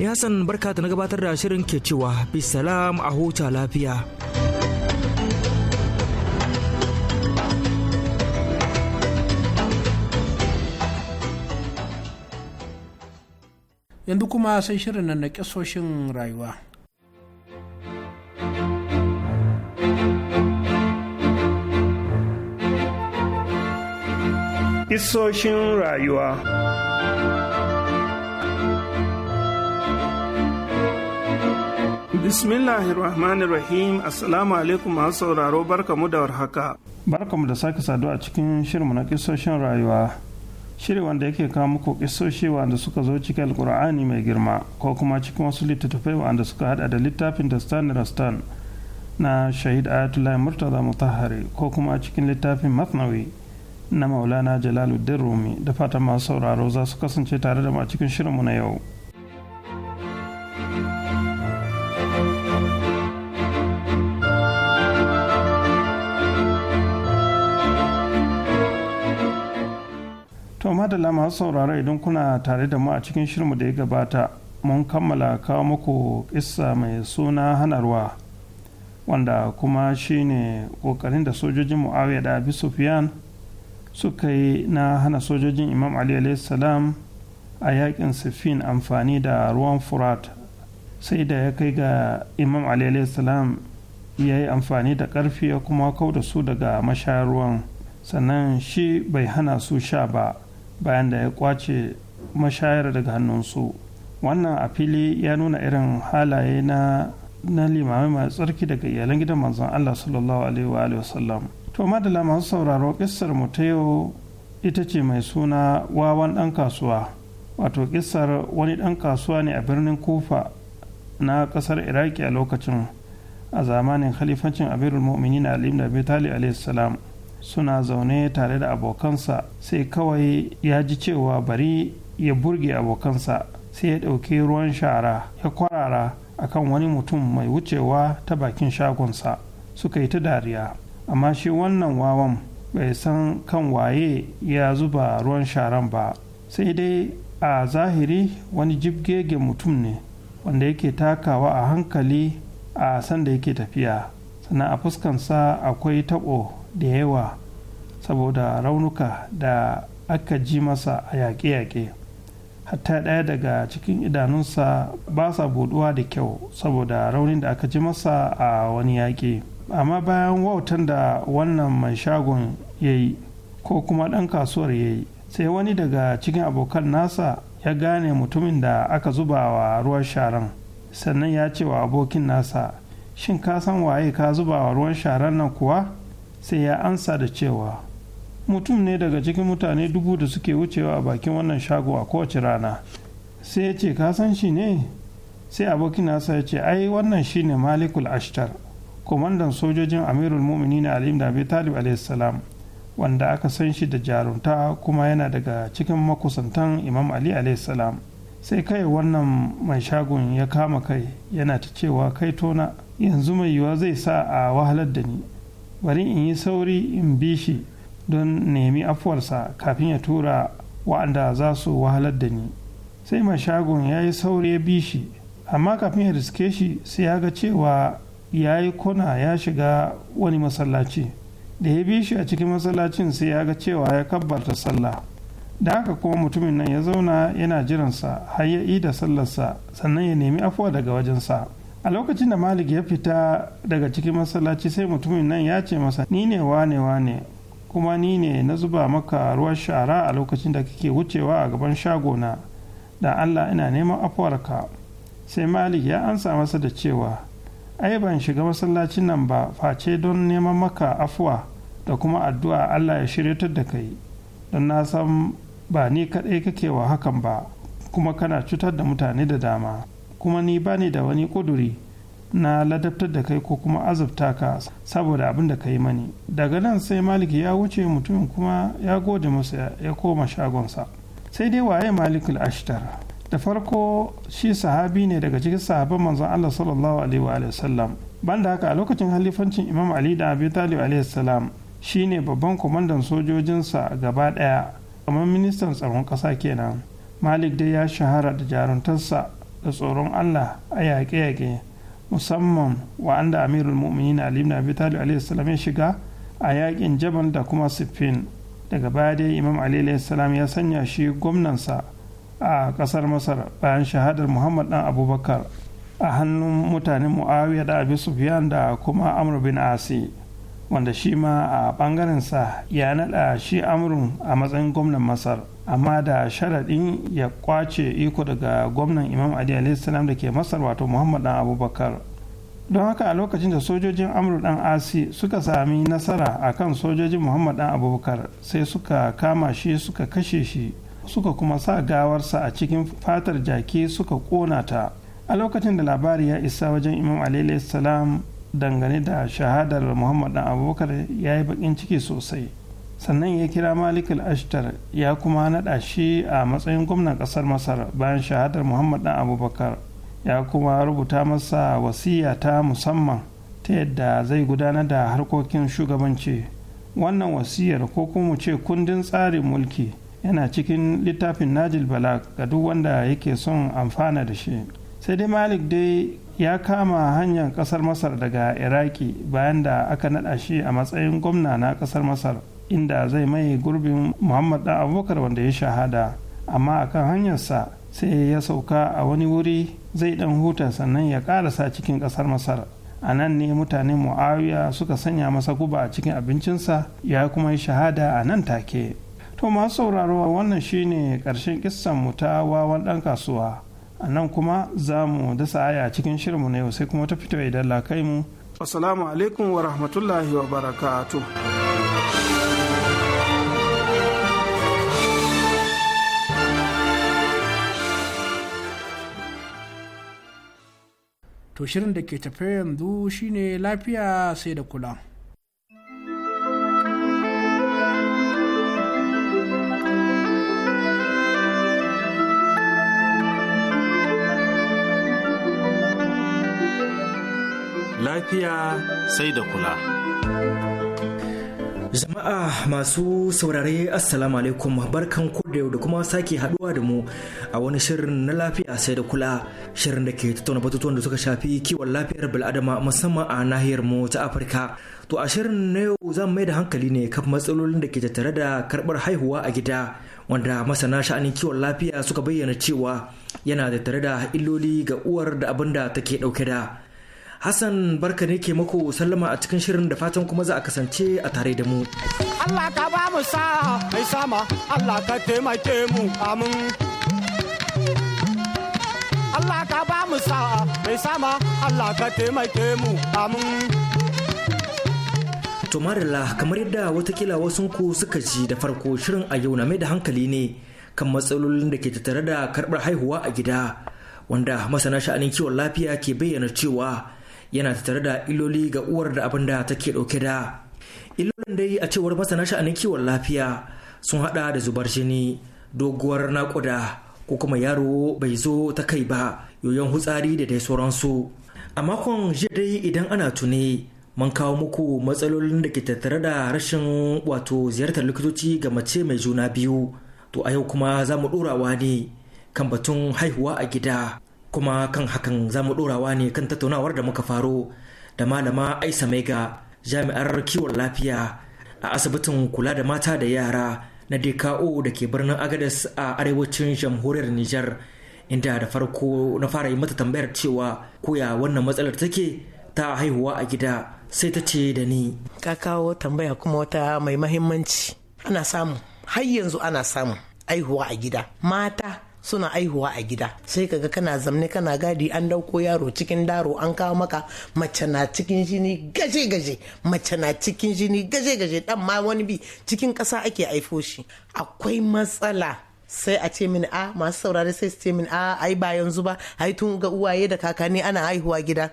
ni Hassan barka ta na gabatar da shirin ke cewa bisalam a huta lafiya. yanzu kuma sai shirin na kisoshin rayuwa. Isoshin rayuwa Bismillahirrahmanirrahim Assalamu alaikum masu sauraro barkamu da warhaka. Barkamu da sake saduwa a cikin shirinmu na kisoshin rayuwa. Shiri wanda yake kawo muku kisoshi wanda suka zo cikin alkur'ani mai girma ko kuma cikin wasu littattafai wanda suka hada da littafin da Stan Rastan na Shahid Ayatollah Murtaza Mutahari ko kuma cikin littafin Masnawi. na maulana jalaluddin rumi da fatan masu sauraro za su kasance tare da mu a cikin shirinmu na yau to madalla masu sauraro idan kuna tare da mu a cikin shirinmu da ya gabata mun kammala kawo muku kissa mai suna hanarwa wanda kuma shine kokarin da sojojin muawiya da abi sufyan suka yi na hana sojojin imam ali salam a yakin sifin amfani da ruwan furat sai da ya kai ga imam ali salam ya yi amfani da ƙarfi ya kuma kau da su daga mashayar ruwan sannan shi bai hana su sha ba bayan da ya kwace mashayar daga hannunsu wannan a fili ya nuna irin halaye na na limamai masu tsarki daga iyalan gidan manzon allah sallallahu alaihi wa sallam to madala masu sauraro kissar mu ta yau ita ce mai suna wawan ɗan kasuwa wato kissar wani ɗan kasuwa ne a birnin kofa na ƙasar iraki a lokacin a zamanin khalifancin amirul mu'minin ali ibn abi talib suna zaune tare da abokansa sai kawai ya ji cewa bari ya burge abokansa sai ya ɗauki ruwan shara ya kwarara akan wani mutum mai wucewa ta bakin shagonsa suka yi ta dariya amma shi wannan wawan bai san kan waye ya zuba ruwan sharan ba sai dai a zahiri wani jibgege mutum ne wanda yake takawa a hankali a sanda yake tafiya sannan a fuskansa akwai taɓo da yawa saboda raunuka da aka ji masa a yaƙe-yaƙe hatta ɗaya daga cikin idanunsa ba sa buɗuwa da kyau saboda raunin da aka ji masa a wani yaƙi. amma bayan wautan da wannan mai shagon ya yi ko kuma ɗan kasuwar ya yi sai wani daga cikin abokan nasa ya gane mutumin da aka zuba wa ruwan sharan sannan ya ce wa abokin nasa shin ka san waye ka zuba wa ruwan sharan nan kuwa sai ya ansa da cewa mutum ne daga cikin mutane dubu da suke wucewa a bakin wannan shago a kowace rana sai ya ce ka san shi ne sai abokin nasa ya ce ai wannan shine malikul ashtar Komandan sojojin amirul mu'minin ali da abi talib alaihissalam wanda aka san shi da jarumta kuma yana daga cikin makusantan imam ali alaihissalam sai kai wannan mai shagon ya kama kai yana ta cewa kai tona yanzu mai yiwa zai sa a wahalar da ni bari in yi sauri in bi shi don nemi afuwarsa kafin ya tura wa'anda za su wahalar da ni sai mai shagon ya yi sauri ya bi shi amma kafin ya riske shi sai ya ga cewa ya yi kuna ya shiga wani masallaci da ya bi shi a cikin masallacin sai ya ga cewa ya kabbarta sallah da haka kuma mutumin nan ya zauna yana jiransa har ya ida sallarsa sannan ya nemi afuwa daga wajensa a lokacin da malik ya fita daga cikin masallaci sai mutumin nan ya ce masa ni ne wane wane kuma ni ne na zuba maka ruwan shara a lokacin da kake wucewa a gaban shagona da allah ina neman afuwarka sai malik ya ansa masa da cewa ai ban shiga masallacin nan ba face don neman maka afuwa da kuma addu'a Allah ya shiryatar da kai don na san ba ni kaɗai kake wa hakan ba kuma kana cutar da mutane da dama kuma ni ba ni da wani ƙuduri na ladabtar da kai ko kuma azabta ka saboda abin da ka yi mani daga nan sai malik ya wuce mutumin kuma ya gode masa ya koma shagonsa sai dai waye malik ashtar da farko shi sahabi ne daga cikin sahabban manzon Allah sallallahu alaihi wa sallam banda haka a lokacin halifancin Imam Ali da Abi Talib alaihi salam shine babban kwamandan sojojinsa gaba daya kamar ministan tsaron ƙasa kenan Malik dai ya shahara da jaruntarsa da tsoron Allah a yaƙe-yaƙe musamman wa'anda Amirul Mu'minin Ali ibn Abi Talib alaihi salam ya shiga a yaƙin Jabal da kuma Siffin daga baya dai Imam Ali alaihi salam ya sanya shi gwamnansa a kasar masar bayan shahadar muhammad dan abubakar a hannun mutanen muawiya da abu sufyan da kuma amr bin asi wanda shi ma a bangarensa ya naɗa shi Amurin a matsayin gwamnan masar amma da sharaɗin ya kwace iko daga gwamnan imam ali salam da ke masar wato muhammad dan abubakar don haka a lokacin da sojojin amur dan asi suka sami nasara akan sojojin muhammad dan abubakar sai suka kama shi suka kashe shi suka kuma sa gawarsa a cikin fatar jaki suka ƙona ta a lokacin da labari ya isa wajen imam alayhi salam dangane da shahadar muhammad dan abubakar ya yi bakin ciki sosai sannan ya kira malik ashtar ya kuma naɗa shi a matsayin gwamnan ƙasar masar bayan shahadar muhammad dan abubakar ya kuma rubuta masa wasiya ta musamman ta yadda zai gudanar da harkokin shugabanci wannan wasiyar ko kuma ce kundin tsarin mulki yana cikin littafin najil balak ga duk wanda yake son amfana da shi sai dai malik dai ya kama hanyar kasar masar daga iraki bayan da aka naɗa shi a matsayin gwamna na kasar masar inda zai mai gurbin muhammad da abubakar wanda ya shahada amma akan hanyarsa sai ya sauka a wani wuri zai dan huta sannan ya karasa cikin kasar masar a nan ne mutanen muawiya suka sanya masa guba a cikin abincinsa ya kuma yi shahada a nan take to masu sauraro wannan shine ƙarshen kissan mu ta wawan ɗan kasuwa a nan kuma za mu dasa aya cikin shirinmu na yau sai kuma ta fito idan lakai mu assalamu alaikum wa rahmatullahi wa barakatuh to shirin da ke tafe yanzu shine lafiya sai da kula. lafiya sai da kula. Jama'a masu saurare Assalamu alaikum barkan ku da yau da kuma sake haduwa da mu a wani shirin na lafiya sai da kula shirin da ke tattauna batutuwan da suka shafi kiwon lafiyar bil'adama musamman a nahiyar mu ta Afirka. To a shirin na yau zan mai da hankali ne kan matsalolin da ke tattare da karbar haihuwa a gida wanda masana sha'anin kiwon lafiya suka bayyana cewa yana tare da illoli ga uwar da abin da take dauke da. Hassan barka ne ke mako sallama a cikin shirin da fatan kuma za a kasance a tare da mu. Allah ka ba mu sa'a mai sama Allah ka taimake mu amin. Allah ka ba mu sa'a mai sama Allah ka taimake mu amin. To marilla kamar yadda watakila wasunku suka ji da farko shirin a yau na mai da hankali ne kan matsalolin da ke tattare da karɓar haihuwa a gida wanda masana sha'anin kiwon lafiya ke bayyana cewa yana tattare da iloli ga uwar da abin da take ɗauke da ilolin dai a cewar masana sha'anin kiwon lafiya sun haɗa da zubar jini doguwar naƙuda ko kuma yaro bai zo ta kai ba yoyon hutsari da dai sauransu a makon jiya dai idan ana tuni mun kawo muku matsalolin da ke tattare da rashin wato ziyartar likitoci ga mace mai juna biyu to a yau kuma za mu ɗorawa ne kan batun haihuwa a gida kuma kan hakan za mu ɗorawa ne kan tattaunawar da muka faro da malama aisa maiga jami'ar kiwon lafiya a asibitin kula da mata da yara na dko da ke birnin agadas a arewacin jamhuriyar niger inda da farko na fara yi mata tambayar cewa koya wannan matsalar take ta haihuwa a gida sai ta ce da ni ka kawo tambaya kuma wata mai mahimmanci ana samu har yanzu ana samu haihuwa a gida mata suna aihuwa a gida sai kaga kana zamne kana gadi an dauko yaro cikin daro an kawo maka mace na cikin jini gaje gaje mace na cikin jini gaje gaje dan ma wani bi cikin kasa ake aifo shi akwai matsala sai a ce min a masu saurari sai su ce min a ai ba yanzu ba ai tun ga uwaye da kakanni ana haihuwa gida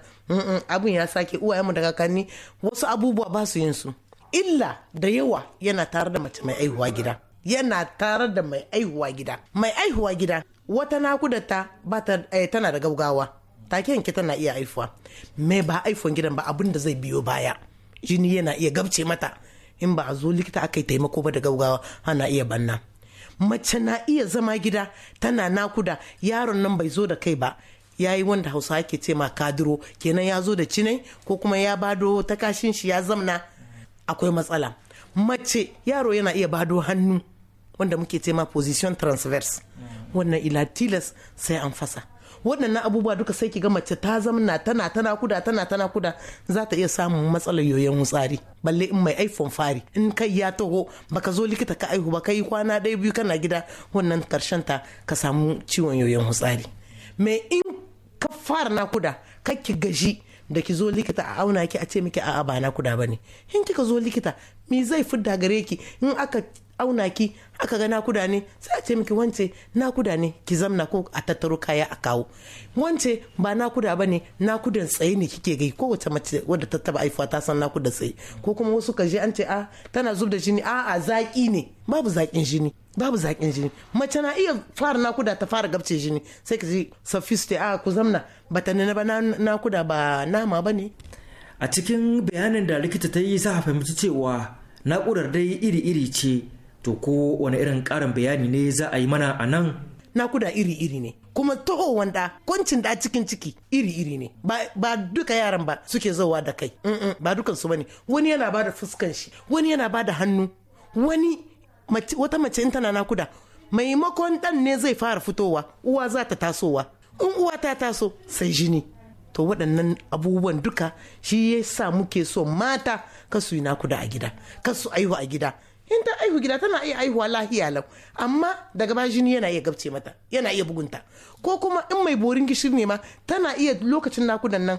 abin ya sake mu da kakanni wasu abubuwa ba su yin su illa da yawa yana tare da mace mai aihuwa gida yana tare da mai aihuwa gida mai aihuwa gida wata ta bata eh, ta tana da gaugawa take yanke tana iya aifuwa me ba aifuwan gidan ba abin da zai biyo baya jini yana iya gabce mata in ba a zo likita aka yi taimako ba da gaugawa ana iya banna mace na iya zama gida tana nakuda yaron nan bai zo da kai ba ya yi wanda hausa ke ce ma kadiro kenan ya zo da cinai ko kuma ya bado ta kashin shi ya zamna akwai matsala mace yaro yana iya bado hannu wanda muke ce ma position transverse wannan ila tilas sai an fasa wannan abubuwa duka sai ga mace ta zamna tana tana kuda tana tana kuda za ta iya samun matsalar yoyon wutsari balle in mai aifon fari in kai ya taho baka zo likita ka aihu ba kai kwana ɗaya biyu kana gida wannan karshen ta ka samu ciwon yoyon wutsari me in ka fara nakuda ka ki gaji da ki zo likita a auna ki a ce miki a'a ba na ba bane in kika zo likita me zai fidda gare ki in aka auna ki aka ga nakuda ne sai a ce miki wance nakuda ne ki zamna ko a tattaro kaya a kawo wance ba nakuda ba ne nakudan tsaye ne kike gai wata mace wadda ta taba haifuwa ta san nakuda tsaye ko kuma wasu ka je an ce a tana zub da jini a a zaki ne babu zakin jini babu zakin jini mace na iya fara nakuda ta fara gabce jini sai ka ji sophisti a ku zamna bata ne ba nakuda ba nama ba ne a cikin bayanin da likita ta yi za a fahimci cewa na'urar dai iri-iri ce to ko wani irin karin bayani ne za a yi mana a nan nakuda iri-iri ne kuma toho wanda kwancin da cikin ciki iri-iri ne ba, duka yaran ba suke zowa da kai ba dukan su bane wani yana ba da fuskan shi wani yana ba da hannu wani wata mace in tana nakuda maimakon dan ne zai fara fitowa uwa za ta tasowa in uwa ta taso sai jini to waɗannan abubuwan duka shi ya sa muke so mata kasu yi nakuda a gida kasu aihu a gida in ta aihu gida tana iya aihuwa lahiya lau amma daga baya jini yana iya gabce mata yana iya bugunta ko kuma in mai borin gishiri ne ma tana iya lokacin nakudan nan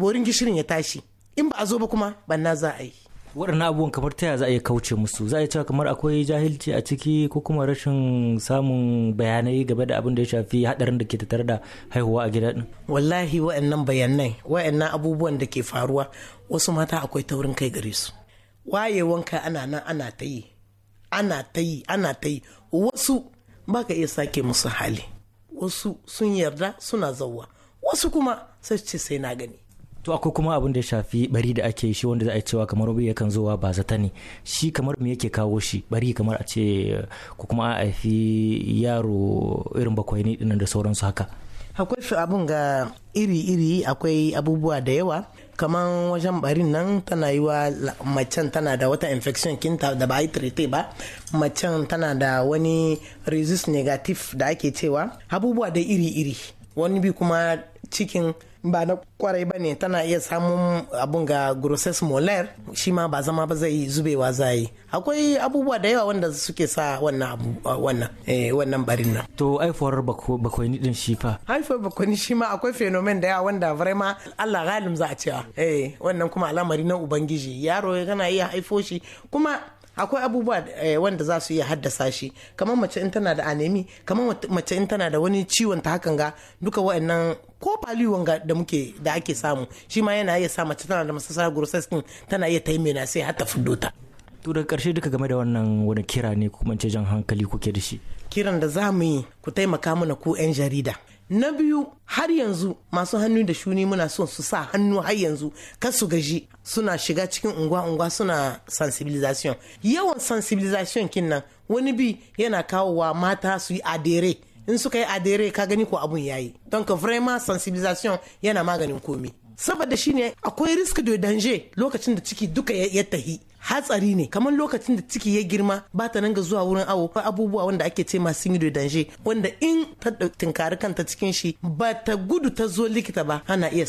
borin gishirin ya tashi in ba a zo ba kuma banna za a yi waɗannan abubuwan kamar ta za a iya kauce musu za a iya cewa kamar akwai jahilci a ciki ko kuma rashin samun bayanai game da abin da ya shafi haɗarin da ke tattare da haihuwa a gida wallahi wa'annan bayanai wa'annan abubuwan da ke faruwa wasu mata akwai taurin kai gare su wayewanka ana nan ana ta yi ana ta yi ana ta yi wasu ba ka iya sake musu hali wasu sun yarda suna zauwa wasu kuma sai ce sai na gani to akwai kuma abin da ya shafi bari da ake shi wanda za a cewa kamar wani yakan zowa ba zata ne shi kamar me yake kawo shi bari kamar a ce ko kuma a haifi yaro irin bakwai ne dinan da sauransu haka akwai abun ga iri-iri akwai abubuwa da yawa kamar wajen barin nan tana yi wa macen tana da wata infection kinta da ba a ba macen tana da wani resist negative da ake cewa abubuwa da iri-iri wani bi kuma cikin ba na kwarai ba ne tana iya samun abun ga grosses molar shi ma ba zama ba zai zubewa zai akwai abubuwa da yawa wanda suke sa wannan wannan eh, wannan barin nan to haifuwar bakwai din shi fa haifuwar bakwai shi ma akwai fenomen da yawa wanda vraiment Allah galim za a cewa eh wannan kuma al'amari na ubangiji yaro yana iya haifo shi kuma akwai abubuwa eh, wanda za su iya haddasa shi kamar mace in tana da anemi kamar mace in tana da wani ciwon ta hakan ga duka wa'annan ko fali wanga da muke da ake samu shi ma yana iya sa mace tana da masasara grossess din tana iya na sai har ta ta to karshe duka game da wannan wani kira ne kuma ce jan hankali kuke da shi kiran da za mu yi ku taimaka mana ku 'yan jarida na biyu har yanzu masu hannu da shuni muna son su sa hannu har yanzu kar su gaji suna shiga cikin unguwa-unguwa suna sensibilisation yawan sensibilisation kin nan wani bi yana kawowa mata su yi adere in suka yi adere ka gani ko abun yayi don ka vraiment sensibilisation yana maganin komi saboda shine akwai risk de danger lokacin da ciki duka ya tahi hatsari ne kamar lokacin da ciki ya girma ba ta nan ga zuwa wurin awo abubuwa wanda ake ce masu yi danje wanda in ta tinkari kanta cikin shi ba ta gudu ta zo likita ba ana iya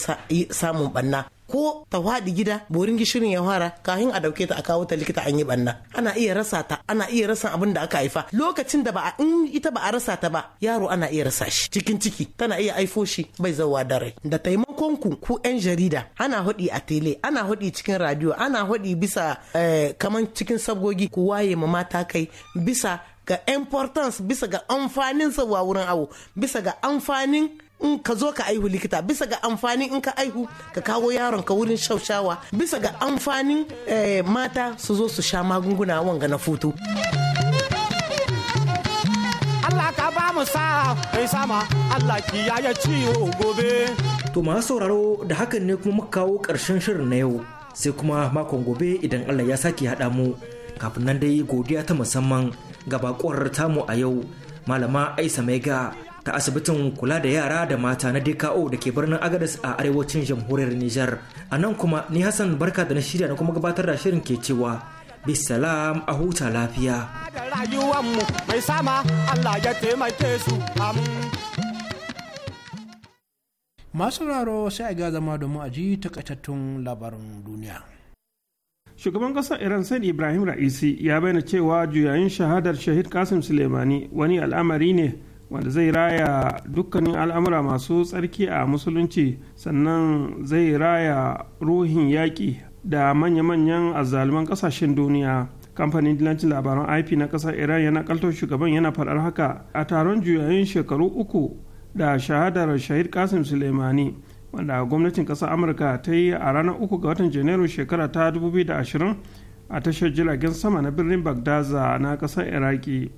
samun banna ko ta faɗi gida borin gishirin ya fara kafin a dauke ta a kawo ta likita an yi banna ana iya rasa ta ana iya rasa abin da aka haifa lokacin da ba a in ita ba a rasa ta ba yaro ana iya rasa shi cikin ciki tana iya aifo shi bai zawa da rai da taimakon ku ku yan jarida ana hudi a tele ana hudi cikin radio ana hudi bisa eh, kaman cikin sabgogi ku waye ma mata kai bisa ga importance bisa ga amfanin sa wurin awo bisa ga amfanin in ka zo ka aihu likita bisa ga amfanin in ka aihu ka kawo yaron ka wurin shaushawa bisa ga amfanin eh, mata su zo su sha magunguna wanga na futu. Allah ka ba mu sa kai sama Allah ya ciwo gobe. To masu sauraro da hakan ne kuma muka kawo ƙarshen shirin na yau sai kuma makon gobe idan Allah ya sake haɗa mu kafin nan dai godiya ta musamman ga bakuwar tamu a yau malama Aisa Mega ta asibitin kula da yara da mata na DKO da ke birnin Agadez a arewacin jamhuriyar Nijar. A nan kuma ni Hassan barka da na shirya na kuma gabatar da shirin ke cewa bisalam a huta lafiya. Masu raro sai a ga zama domin a ji takaitattun labarin duniya. shugaban ƙasar iran said ibrahim ra'isi ya bayyana cewa juyayin shahadar shahid kasim suleimani wani al'amari ne wanda zai raya dukkanin al'amura masu tsarki a musulunci sannan zai raya ruhin yaƙi da manya-manyan azzaluman ƙasashen duniya kamfanin dilancin labaran ip na ƙasar iran yana kaltar shugaban yana faɗar haka a taron juyayin shekaru uku da shahadar shahid kasim suleimani wanda gwamnatin ƙasar amurka ta yi a ranar uku ga watan janairu shekara ta 2020 a tashar jiragen sama na birnin bagdaza na ƙasar iraki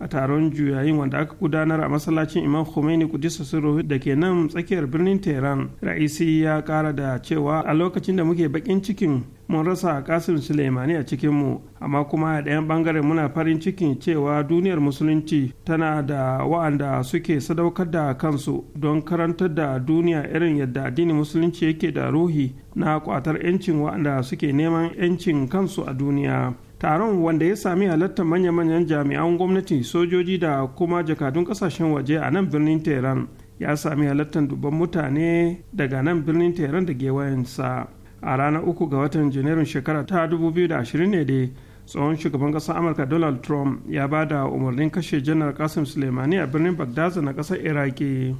a taron juyayin wanda aka gudanar a masallacin imam khomeini kudisa sirruhu da ke nan tsakiyar birnin tehran ra'isi ya kara da cewa a lokacin da muke bakin cikin mun rasa kasim suleimani a cikinmu amma kuma a ɗayan bangaren muna farin cikin cewa duniyar musulunci tana da wa'anda suke sadaukar da kansu don karantar da duniya irin yadda addinin musulunci yake da ruhi na kwatar 'yancin wa'anda suke neman 'yancin kansu a duniya taron wanda ya sami halartar manya-manyan jami'an gwamnati sojoji da kuma jakadun kasashen waje a nan birnin tehran ya sami halartar dubban mutane daga nan birnin tehran da gewayensa a ranar uku ga watan janairun shekara ta 2020 ne dai tsohon shugaban kasar amurka donald trump ya ba da umarnin kashe janar kasim suleimani a birnin bagdaza na kasar iraki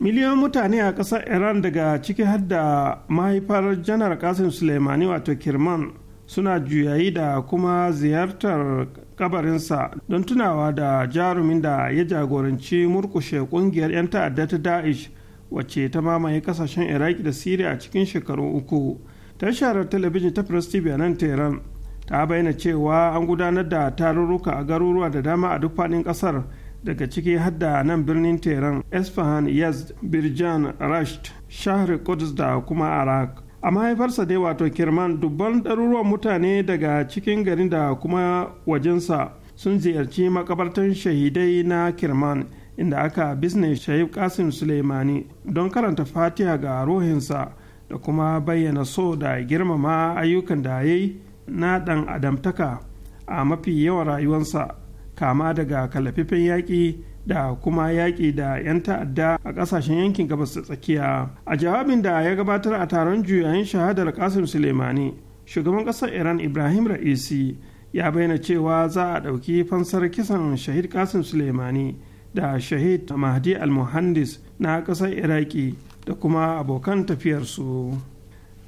miliyan mutane a kasar iran daga ciki har da mahaifar janar kasim suleimani wato kirman suna juyayi da kuma ziyartar kabarinsa don tunawa da jarumin da ya jagoranci murkushe kungiyar 'yan ta'adda ta da'ish wacce ta mamaye kasashen iraki da syria a cikin shekaru uku tashar talabijin ta press tv nan tehran ta bayyana cewa an gudanar da tarurruka a garuruwa da dama a duk faɗin ƙasar daga ciki hadda nan birnin tehran esfahan yazd birjan rasht shahar kudus da kuma arak a mahaifarsa dai wato kirman dubban ɗaruruwan mutane daga cikin garin da kuma wajensa sun ziyarci makabartan shahidai na kirman inda aka bisne shahib kasim suleimani don karanta fatiha ga ruhinsa da kuma bayyana so da girmama ayyukan da ya na ɗan adamtaka a mafi yawan rayuwarsa kama daga kalafifin yaƙi da kuma yaƙi da 'yan ta'adda a ƙasashen yankin gabas da tsakiya a jawabin da ya gabatar a taron juyayin shahadar kasim suleimani shugaban ƙasar iran ibrahim ra'isi ya bayyana cewa za a ɗauki fansar kisan shahid kasim suleimani da shahid mahdi al-muhandis na ƙasar iraki da kuma abokan tafiyarsu.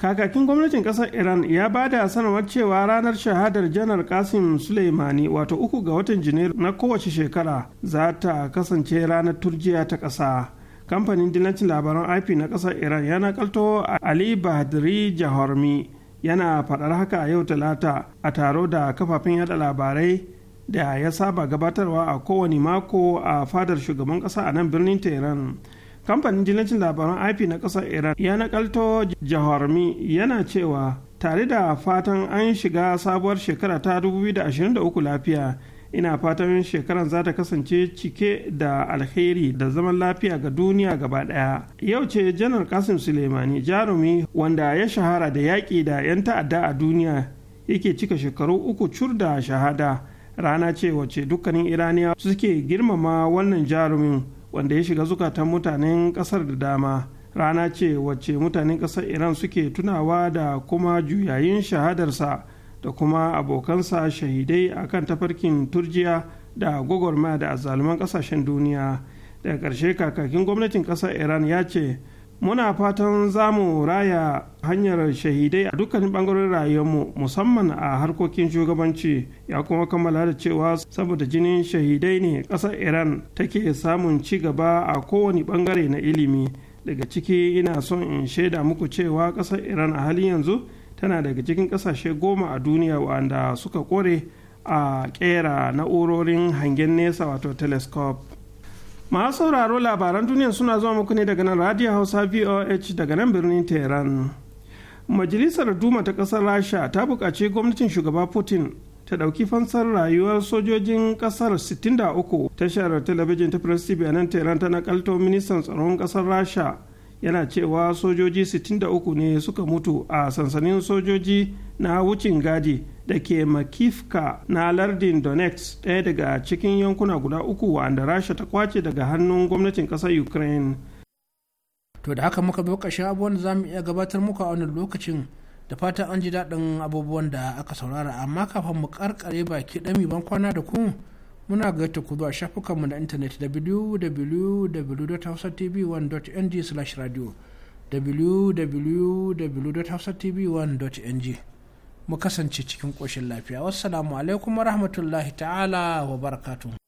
kakakin gwamnatin kasar iran ya ba da sanarwar cewa ranar shahadar janar kasim suleimani wato uku ga watan janairu na kowace shekara za ta kasance ranar turjiya ta ƙasa kamfanin dillancin labaran ip na ƙasar iran yana kalto ali Badri jahormi yana faɗar haka a yau talata a taro da kafafen yada labarai da ya saba gabatarwa a kowane mako a fadar shugaban ƙasa a nan birnin tehran kamfanin jinancin labaran ip na ƙasar iran ya nakalto jaharmi yana cewa tare da fatan an shiga sabuwar shekara ta 2023 lafiya ina fatan shekaran za ta kasance cike da alheri da zaman lafiya ga duniya gaba daya. yau ce janar kasim suleimani jarumi wanda ya shahara da yaƙi da 'yan ta'adda a duniya yake cika shekaru uku cur da shahada rana ce wacce dukkanin iraniya suke girmama wannan jarumin wanda ya shiga zukatan mutanen kasar da dama rana ce wacce mutanen kasar iran suke tunawa da kuma juyayin shahadarsa da kuma abokansa shahidai akan tafarkin turjiya da gwagwarmaya da azzaluman kasashen duniya daga ƙarshe kakakin gwamnatin ƙasar iran ya ce muna fatan zamu raya hanyar shahidai a dukkanin bangarorin mu musamman a harkokin shugabanci ya kuma kammala da cewa saboda jinin shahidai ne ƙasar iran take samun ci gaba a kowane bangare na ilimi daga ciki ina son in shaida muku cewa ƙasar iran a halin yanzu tana daga cikin ƙasashe goma a duniya wanda suka kore a ƙera na'urorin hangen nesa wato telescope masu sauraro labaran duniya suna zuwa muku ne daga nan radio hausa voh daga nan birnin tehran majalisar duma ta kasar rasha ta bukaci gwamnatin shugaba putin ta ɗauki fansar rayuwar sojojin ƙasar 63 tashar talabijin ta press tv a nan tehran ta nakalto ministan tsaron ƙasar rasha yana cewa sojoji 63 ne suka mutu a sansanin sojoji na wucin gadi da ke makifka na lardin donetsk ɗaya daga cikin yankuna guda uku wanda rasha ta kwace daga hannun gwamnatin ƙasar ukraine to da haka muka zo ƙarshen abubuwan da za mu iya gabatar muka a wannan lokacin da fatan an ji daɗin abubuwan da aka saurara amma kafin mu karkare baki ɗami ban kwana da ku muna gaita ku zuwa shafukanmu na intanet www.hausatv1.ng/radio www.hausatv1.ng mu kasance cikin ƙoshin lafiya wassalamu alaikum wa rahmatullahi ta'ala wa barakatun